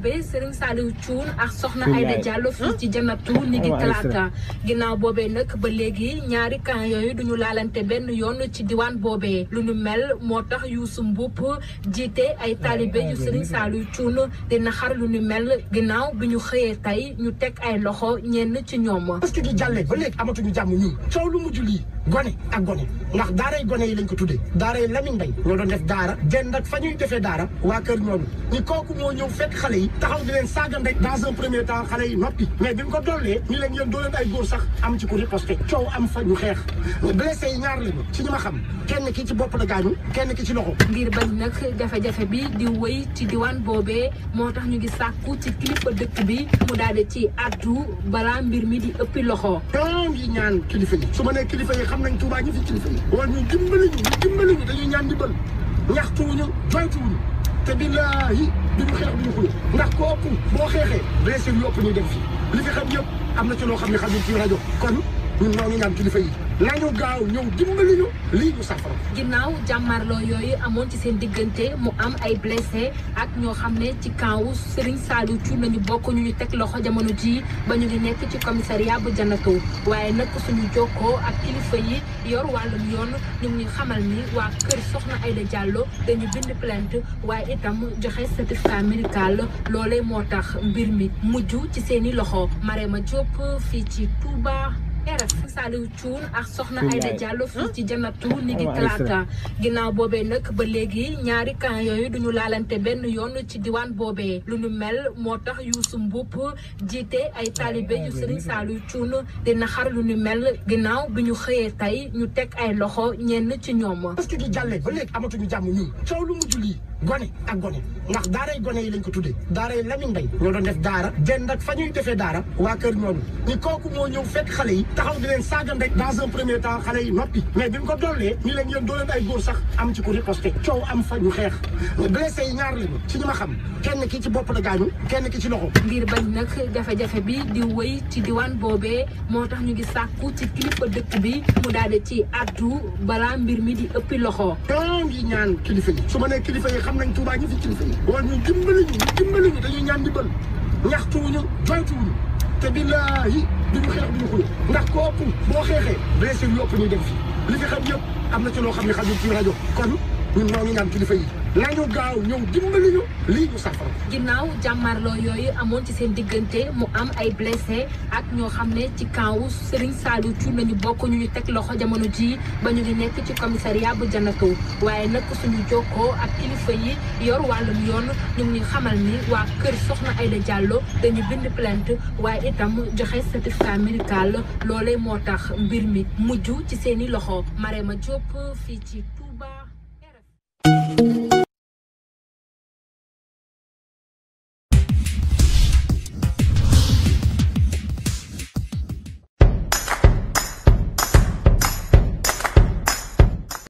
be Serigne Saliou Thioune ak soxna Aïda Diallo fii ci Janatu ñi ngi talaata ginnaaw boobee nag ba léegi ñaari kan yooyu duñu laalante benn yoon ci diwaan boobe lu ñu mel moo tax Youssou Mboup jiite ay taalibe yu Serigne Saliou Thioune dina xar lu ñu mel ginnaaw bi ñu xëyee tey ñu teg ay loxo ñenn ci ñoom. parce que ñu jàllee ba léegi amatuñu jàmm ñun coow lu mujj lii gone ak gone ndax daaray gone yi lañ ko tuddee daaray Lamine Mbaye ñoo doon def daara dend ak fa ñuy defee daara waa kër ñoom ñi kooku moo ñëw fekk xale yi taxaw di leen saagan rek dans un temps xale yi noppi mais bi mu ko dollee ñu leen yéen doo leen ay góor sax am ci ku riposté coow am fa ñu xeex blessé yi ñaar lañu ci ñi ma xam kenn ki ci bopp la gaañu kenn ki ci loxo ngir bañ nag jafe-jafe bi di wëy ci diwaan boobee moo tax ñu ngi sàkku ci kilifa dëkk bi mu daal di ci addu balaa mbir mi di ëppi loxo yi ñaan xam nañ Touba ñu fi kilifa yi. wala ñu dimbali ñu ñu dimbali ñu dañuy ñaan dimbal ñaxtuwuñu joytuwuñu te billaahi duñu xeex duñu xuloo ndax ko boo xeexee blessé yu ëpp ñuy dem fii li fi xam yëpp am na ci loo xam ne xam ci rajo kon ñun ñoo ngi ñaan kilifa yi. nañu gaaw ñëw dimbali ñu lii ñu safara ginnaaw jàmmarloo yooyu amoon ci seen diggante mu am ay blessé ak ñoo xam ne ci camp Serigne Saliou Thioune nañu bokk ñu ñu teg loxo jamono ji ba ñu nekk ci commissariat bu Janato waaye nag suñu jokkoo ak kilifa yi yor wàllum yoon ñu ngi xamal ni waa kër Soxna Aïda Diallo dañu bind plainte waaye itam joxe certificat médical loole moo tax mbir mi mujj ci seeni loxo Marema Diop fii ci Touba RF Saliou Thioune ak soxna Aïda Diallo fii ci janatu ni ngi talaata ginnaaw boobee nag ba léegi ñaari camp yooyu duñu laalante benn yoon ci diwaan boobee lu ñu mel moo tax Youssou Mboup jiite ay taalibe yu Serigne Saliou Thioune di naxar lu ñu mel ginnaaw bi ñu xëyee tey ñu teg ay loxo ñenn ci ñoom parce que di jàllee ba léegi amatuñu jàmm ñun coow lu mujj lii gone ak gone ndax daaray gone yi lañ ko tuddee daaray Lamine Mbaye ñoo doon def daara dend ak fa ñuy defee daara waa kër ñoom ñi kooku moo ñëw fekk xale yi taxaw di leen saagan rek dans un premier temps xale yi noppi mais bi mu ko dollee ñu leen yéen doo ay góor sax am ci ku riposté coow am fa ñu xeex blessé ñaar lañu ci ñu ma xam kenn ki ci bopp la gaañu kenn ki ci loxo ngir bañ nag jafe-jafe bi di wëy ci diwaan boobee moo tax ñu ngi sàkku ci kilifa dëkk bi mu daal di ci addu balaa mbir mi di ëppi loxo too ngi ñaan kilifa yi su ma nee kilifa yi xam nañ Tuubaa ñu fi kilifa yi wala ñu dimbali te billaahi duñu xeex duñu xuloo ndax ko ëpp boo xeexee blessé yu ëpp ñuy dem fii li fi xam yëpp am na ci loo xam ne xajul ci rajo kon ñun ñoo ngi ñaan kilifa yi nañu gaaw ñëw dimbali ñu lii ñu saafara. ginnaaw jàmmarloo yooyu amoon ci seen diggante mu am ay blessé ak ñoo xam ne ci camp wu Serigne Saliou Thioune lañu bokk ñu ñu teg loxo jamono ji ba ñu ngi nekk ci commissariat bu Janatu waaye nag suñu jokkoo ak kilifa yi yor wàllum yoon ñu ngi xamal ni waa kër Soxna Aïda jàlloo dañu bind plainte waaye itam joxe certificat médical loolee moo tax mbir mi mujj ci seeni loxo Marema Diop fii ci.